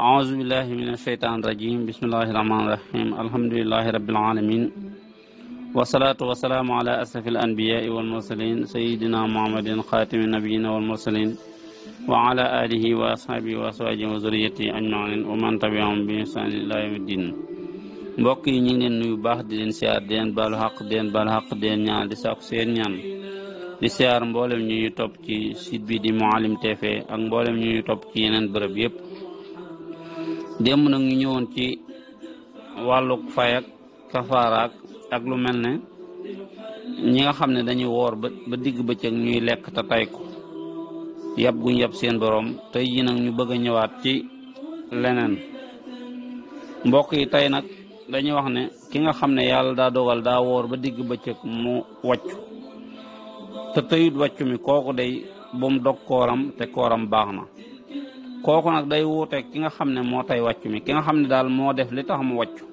أعوذ بالله من الشيطان الرجيم بسم الله الرحمن الرحيم الحمد لله رب العالمين والصلاة والسلام على أسف الأنبياء والمرسلين سيدنا محمد خاتم النبيين والمرسلين وعلى آله وأصحابه وأزواجه وذريته أجمعين ومن تبعهم بإحسان إلى يوم الدين mbokk yi ñu ngi leen nuyu baax di leen siyaar di leen baalu xaq di leen baal xaq di leen ñaan di sàkku seen ñaan di siyaar mboolem ñu ñu topp ci site bi di Mouhalim TV ak mboolem ñu ñu topp ci yeneen bërëb yëpp démb nag ñu ñëwoon ci wàllu fay ak ak lu mel ne ñi nga xam ne dañuy woor ba digg bëccëg ñuy lekk te tay ko yab guñ yab seen boroom tey ji nag ñu bëgg a ñëwaat ci leneen mbokk yi tey nag dañuy wax ne ki nga xam ne yàlla daa dogal daa woor ba digg bëccëg mu wàccu te tëyut wàccu mi kooku day bu mu dog kooram te kooram baax na kooku nag day wuuteeg ki nga xam ne moo tay wàcc mi ki nga xam ne daal moo def li tax mu wàccu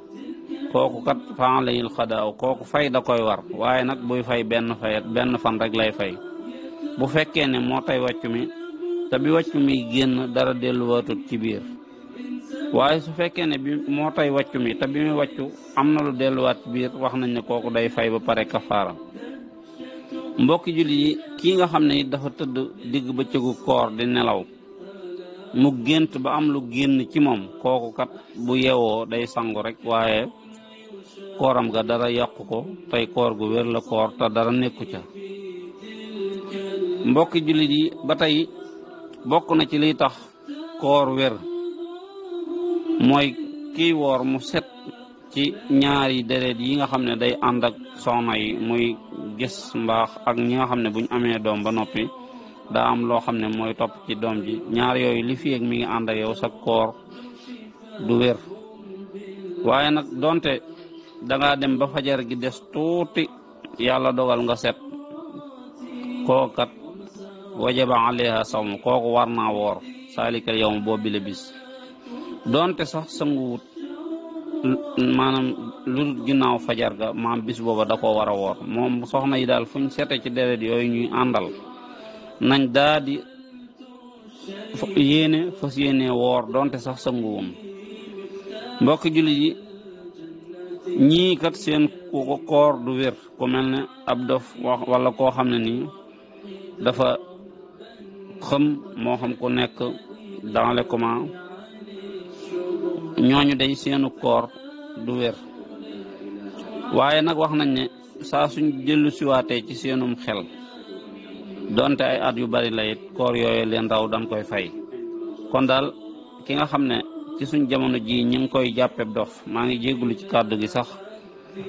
kooku kat fan layil kooku fay da koy war waaye nag buy fay benn fay benn fan rek lay fay bu fekkee ne moo tay wàcc mi te bi wàcc mi génn dara delluwaatut ci biir waaye su fekkee ne bi moo mi te bi am na lu delluwaat ci biir wax nañ ne kooku day fay ba pare kafaara mbokki julli yi kii nga xam ne dafa tëdd digg bëccëgu koor di nelaw mu gént ba am lu génn ci moom kookukat bu yewoo day sangu rek waaye kooram ga dara yàqu ko tey koor gu wér la koor te dara nekku ca mbokki jullit yi ba tey bokk na ci liy tax koor wér mooy kiy woor mu set ci ñaari deret yi nga xam ne day ànd ak soxna yi muy gis mbaax ak ñi nga xam ne buñ amee doom ba noppi da am loo xam ne mooy topp ci doom ji ñaar yooyu li fi mi ngi ànd ak yow sa koor du wér waaye nag doonte dangaa dem ba fajar gi des tuuti yàlla dogal nga set kookat wajaba alayha sawm kooku war naa woor saalikal yow bo bile bis doonte sax sanguwut maanaam lu ginnaaw fajar ga ma bis booba da koo war a woor moom soxna yi daal fuñ sete ci deret yooyu ñuy àndal nañ daa di yéene fas yéene woor donte sax sa sanguwum mbokki jullit yi ñii kat seen koor du wér ku mel ne ab dof wala koo xam ne nii dafa xam moo xam ku nekk dans les ñooñu day seenu koor du wér waaye nag wax nañ ne saa suñ jëllu siwaatee ci seenum xel donte ay at yu bari la it koor yooyu leen raw dañ koy fay kon daal ki nga xam ne ci suñ jamono ji ñu ngi koy jàppee dof maa ngi jéggulu ci kàddu gi sax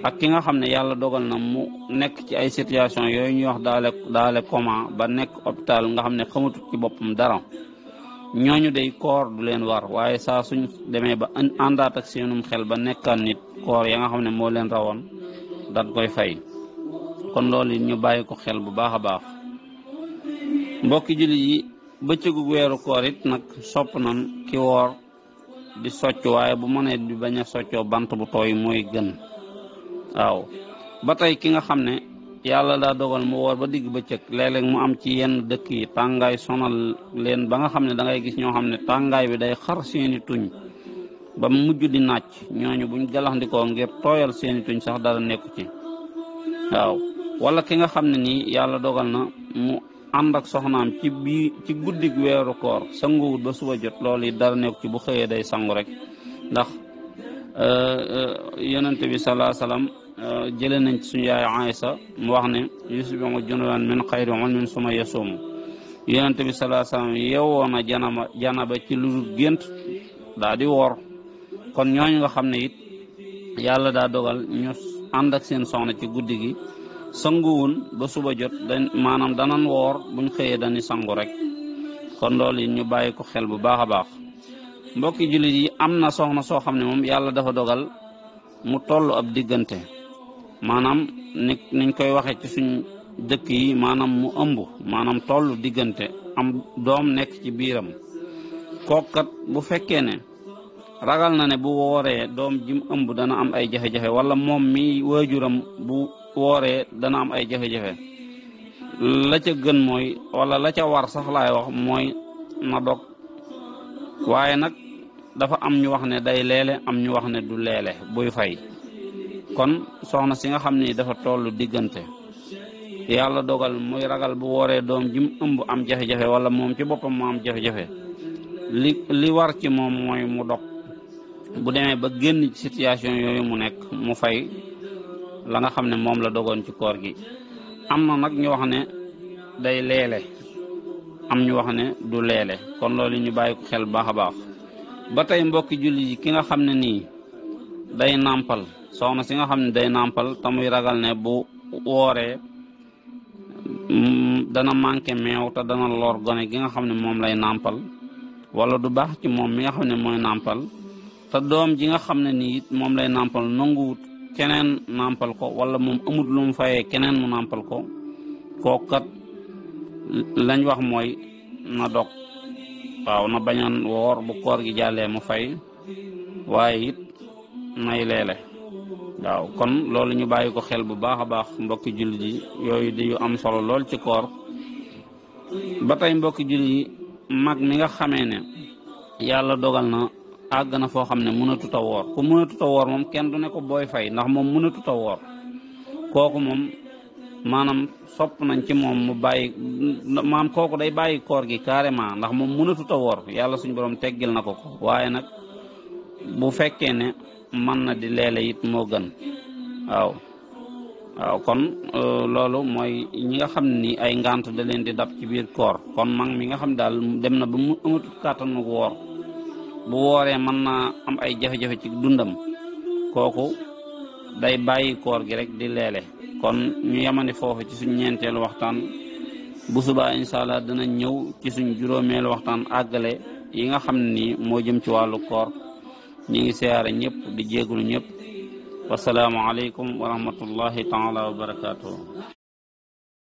ak ki nga xam ne yàlla dogal na mu nekk ci ay situation yooyu ñuy wax daale daale comment ba nekk hôpital nga xam ne xamatut ci boppam dara ñooñu day koor du leen war waaye saa suñ demee ba àndaat ak seenum xel ba nekkaan nit koor ya nga xam ne moo leen rawoon dañ koy fay kon loolu ñu bàyyi ko xel bu baax a baax mbokki jullit yi bëccëgu weeru koor it nag sopp na ki woor di socc waaye bu mënee di bañ a soccoo bant bu tooy mooy gën waaw ba tey ki nga xam ne yàlla daa dogal mu woor ba digg bëccëg léeg mu am ci yenn dëkk yi tàngaay sonal leen ba nga xam ne dangay gis ñoo xam ne tàngaay bi day xar seeni tuñ ba mu mujj di nàcc ñooñu buñ galaxndikoo ngir tooyal seeni tuñ sax dara nekku ci waaw wala ki nga xam ne nii yàlla dogal na mu ànd ak soxnaam ci bii ci guddig weeru koor sanguwut ba suba jot lool yi dara nekk ci bu xëyee day sangu rek ndax euh, euh, yonente bi salaa euh, jële nañ ci suñu yaay Aïsa mu wax ne yusbihu junuban min xayri ulmin suma yasuumu yonente bi salaa salaam yeewoo janaba janaba ci lu dul gént daa di woor kon ñooñu nga xam ne it yàlla daa dogal ñu ànd seen soxna ci guddi gi sanguwun ba suba jot dañ maanaam danan woor bu buñ xëyee dañu sangu rek kon ndool yi ñu bàyyi ko xel bu baax a baax mbokki jullit yi am na soxna soo xam ne moom yàlla dafa dogal mu toll ab diggante maanaam ni niñ koy waxee ci suñ dëkk yi maanaam mu ëmb maanaam toll diggante am doom nekk ci biiram kookat bu fekkee ne ragal na ne bu wooree doom jim ëmb dana am ay jafe-jafe wala moom mi waajuram bu wooree dana am ay jafe-jafe la ca gën mooy wala la ca war sax laay wax mooy na dog waaye nag dafa am ñu wax ne day leele am ñu wax ne du leele buy fay kon soxna si nga xam ni dafa tollu diggante yàlla dogal mooy ragal bu wooree doom jim ëmb am jafe-jafe wala moom ci boppam mu am jafe-jafe li li war ci moom mooy mu dog bu demee ba génn ci situation yooyu mu nekk mu fay la nga xam ne moom la dogoon ci koor gi am na nag ñu wax ne day leele am ñu wax ne du leele kon loolu ñu bàyyi ko xel baax a baax ba tey mbokki julli ji ki nga xam ne nii day nàmpal soo soxna si nga xam ne day nàmpal te muy ragal ne bu wooree mm, dana manqué meew te dana lor gone gi nga xam ne moom lay nàmpal wala du baax ci moom mi nga xam ne mooy nàmpal te doom ji nga xam ne nii it moom lay nàmpal nanguwut keneen nàmpal ko wala moom amut lu mu fayee keneen mu nàmpal ko kookat lañ wax mooy na dog waaw na bañaan woor bu koor gi jàllee mu fay waaye it nay leele waaw kon loolu ñu bàyyi ko xel bu baax a baax mbokki jullit yi yooyu di am solo lool ci koor ba tey mbokki jullit yi mag mi nga xamee ne yàlla dogal na àgg na foo xam ne mënatut a woor ku mënatut a woor moom kenn du ne ko booy fay ndax moom mënatut a woor kooku moom maanaam sopp nañ ci moom mu bàyyi maam kooku day bàyyi koor gi carrément ndax moom mënatut a woor yàlla suñu borom teggil na ko ko waaye nag bu fekkee ne mën na di leele it moo gën waaw waaw kon euh, loolu mooy ñi nga xam ni ay ngant da leen di dab ci biir koor kon mag mi nga xam daal dem na ba mu amatul kàttanu woor bu wooree mën naa am ay jafe-jafe ci dundam kooku day bàyyi koor gi rek di leele kon ñu yemandi foofu ci suñ ñeenteelu waxtaan bu suba incha allah dina ñëw ci suñ juróomeelu waxtaan àggale yi nga xam ni nii moo jëm ci wàllu koor ñu ngi siyaare ñëpp di jéegulu ñëpp wasalaamu aleykum wa rahmatullahi taala wa barakaatu.